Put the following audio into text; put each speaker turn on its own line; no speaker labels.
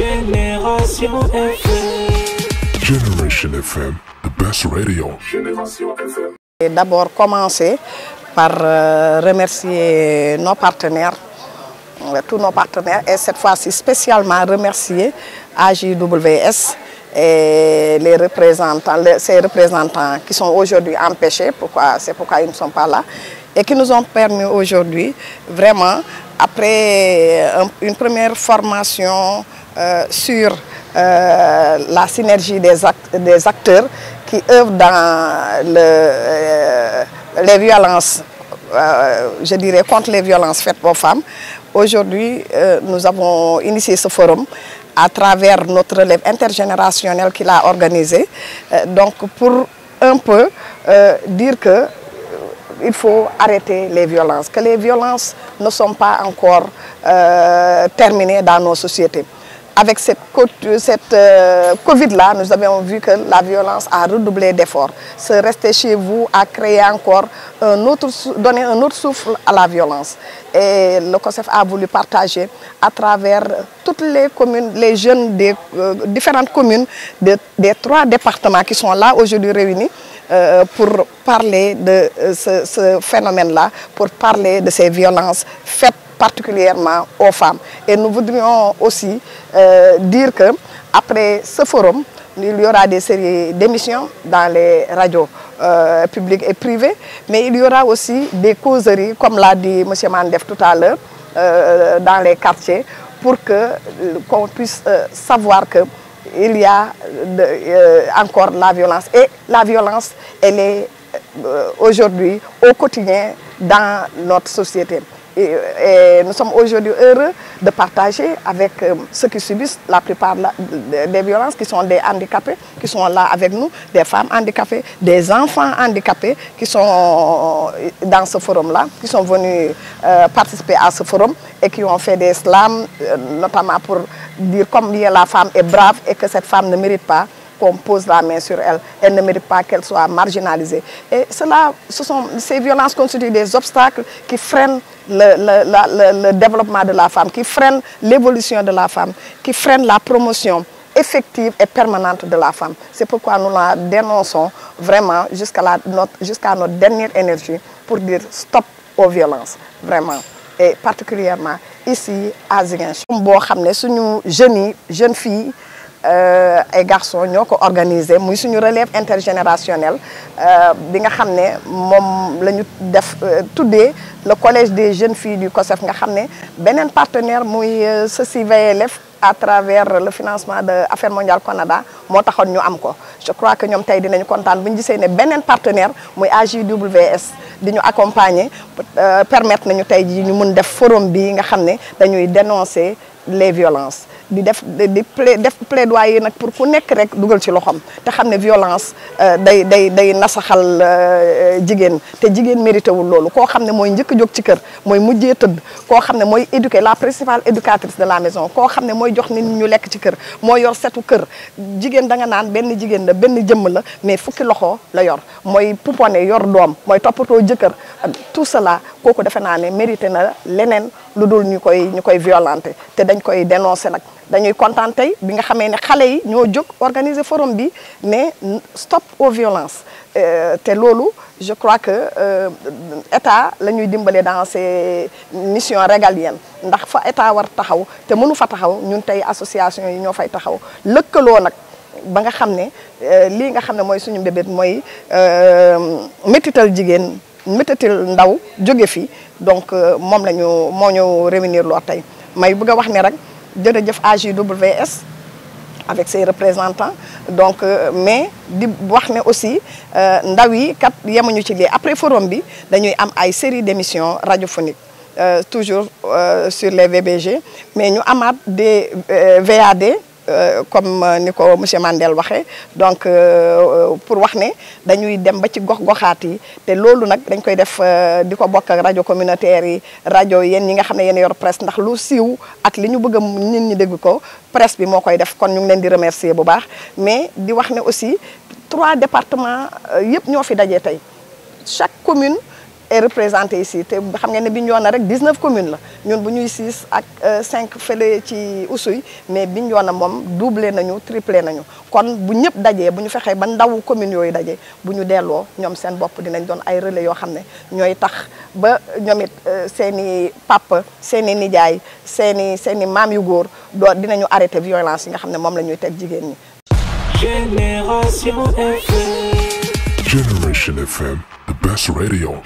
Génération FM. Génération FM, the best radio. Et d'abord commencer par euh, remercier nos partenaires, euh, tous nos partenaires, et cette fois-ci spécialement remercier AJWS et les représentants, ces représentants qui sont aujourd'hui empêchés, pourquoi, c'est pourquoi ils ne sont pas là, et qui nous ont permis aujourd'hui, vraiment, après une première formation euh, sur euh, la synergie des, des acteurs qui œuvrent dans euh, les violences, je dirais contre les violences faites aux femmes. Aujourd'hui, nous avons initié ce forum à travers notre élève intergénérationnel qui l'a organisé. donc pour un peu dire que il faut arrêter les violences, que les violences ne sont pas encore terminées dans nos sociétés avec cette, euh, euh, Covid-là, nous avons vu que la violence a redoublé d'efforts. Se rester chez vous a créé encore un autre, donné un autre souffle à la violence. Et le COSEF a voulu partager à travers toutes les communes, les jeunes des euh, différentes communes des trois départements qui sont là aujourd'hui réunis pour parler de ce phénomène-là, pour parler de ces violences faites particulièrement aux femmes. Et nous voudrions aussi euh, dire que après ce forum, il y aura des séries d'émissions dans les radios euh, publiques et privées, mais il y aura aussi des causeries, comme l'a dit M. Mandef tout à l'heure, euh, dans les quartiers, pour qu'on puisse savoir que il y a de, encore la violence. Et la violence, elle est aujourd'hui au quotidien dans notre société. Euh, et, nous sommes aujourd'hui heureux de partager avec euh, ceux qui subissent la plupart des violences, qui sont des handicapés, qui sont là avec nous, des femmes handicapées, des enfants handicapés qui sont euh, dans ce forum-là, qui sont venus participer à ce forum et qui ont fait des slams, notamment pour dire combien la femme est brave et que cette femme ne mérite pas qu'on pose la main sur elle. Elle ne mérite pas qu'elle soit marginalisée. Et cela, ce sont, ces violences constituent des obstacles qui freinent le, développement de la femme, qui freinent l'évolution de la femme, qui freinent la promotion effective et permanente de la femme. C'est pourquoi nous la dénonçons vraiment jusqu'à notre, jusqu'à notre dernière énergie pour dire stop aux violences, vraiment. Et particulièrement ici à Ziguinchor. nous sommes jeunes jeunes filles euh, ay garçon ñoko ko organisé muy suñu relève intergénérationnelle euh, bi nga xamné mom lañu def euh, tuddee le collège des jeunes filles du COSEF nga xamné benen partenaire muy ceci VLF à travers le financement de Affaires mondiales Canada mo taxone ñu am ko je crois que ñom tay dinañu contane buñu gisé né benen partenaire muy AJWS diñu accompagner permettre nañu tay ji ñu mëne def forum bi nga xamné dañuy dénoncer les violences di def di def plaidoyer nak pour ku nek rek dugal ci loxam te xamne ne violence euh, day day day nasaxal euh, euh, jigen te jigen mérité wul loolu ko xamne moy mooy jog ci kër moy mujjé teud ko xamne moy éduquer la principale éducatrice de la maison ko xamne moy jox nit ñu lek ci kër moy yor setu kër jigen da nga naan benn jigen la benn jëm la mais fukki loxo la yor moy pouponé yor dom moy topato jëkër tout cela ko defé na né mérité na leneen ludul dul ñu koy ñu koy violenté te dañ koy dénoncer nak dañuy kontaan tey bi nga xamee ne xale yi ñoo jog organiser forum bi ne stop aux violences euh, té lolu je crois que euh, état la dimbalé dans ces missions régaliennes ndax fa état war taxaw té mënu fa taxaw ñun tay association yi ñoo fay taxaw lëkkaloo nak ba nga xamné euh, li nga xamné moy suñu bébé moy euh métital jigen métital ndaw joggé fi donc nous euh, lañu ñu à ñu réunir loo tey may bëgg que wax AJWS avec ses représentants donc euh, mais di wax aussi euh, ndaw yi kat yemuñu ci li après forum bi dañuy am ay série d'émissions radiophoniques toujours sur les VBG mais nous avons des VAD Euh, comme euh, ni ko monsieur Mandel waxee donc euh, pour wax ne dañuy dem ba ci gox-goxaat yi te loolu nag dañ koy def di ko bokk ak rajo communautaire yi rajo yéen ñi nga xam ne yéen yor presque ndax lu siiw ak li ñu bëgg a nit ñi dégg ko presse bi moo koy def kon ñu ngi leen di remercier bu baax mais di wax ne aussi trois départements yëpp ñoo fi dajee tey chaque commune. est représenté ici te xam ngeen ne Bignona rek 19 communes la ñun bu ñuy 6 ak 5 euh, fële ci Oussouye mais Bignona moom doublé nañu triplé nañu kon bu ñëpp dajee bu ñu fexee ba ndaw communes yooyu daje bu ñu delloo ñoom seen bopp dinañ doon ay relais yoo xam ne ñooy tax ba ñoom it euh, seen i papa seen i nijaay seeni i seen i maam yu góor doo dinañu arrêté violence yi nga xam ne moom la ñuy teg jigéen ñi. best radio.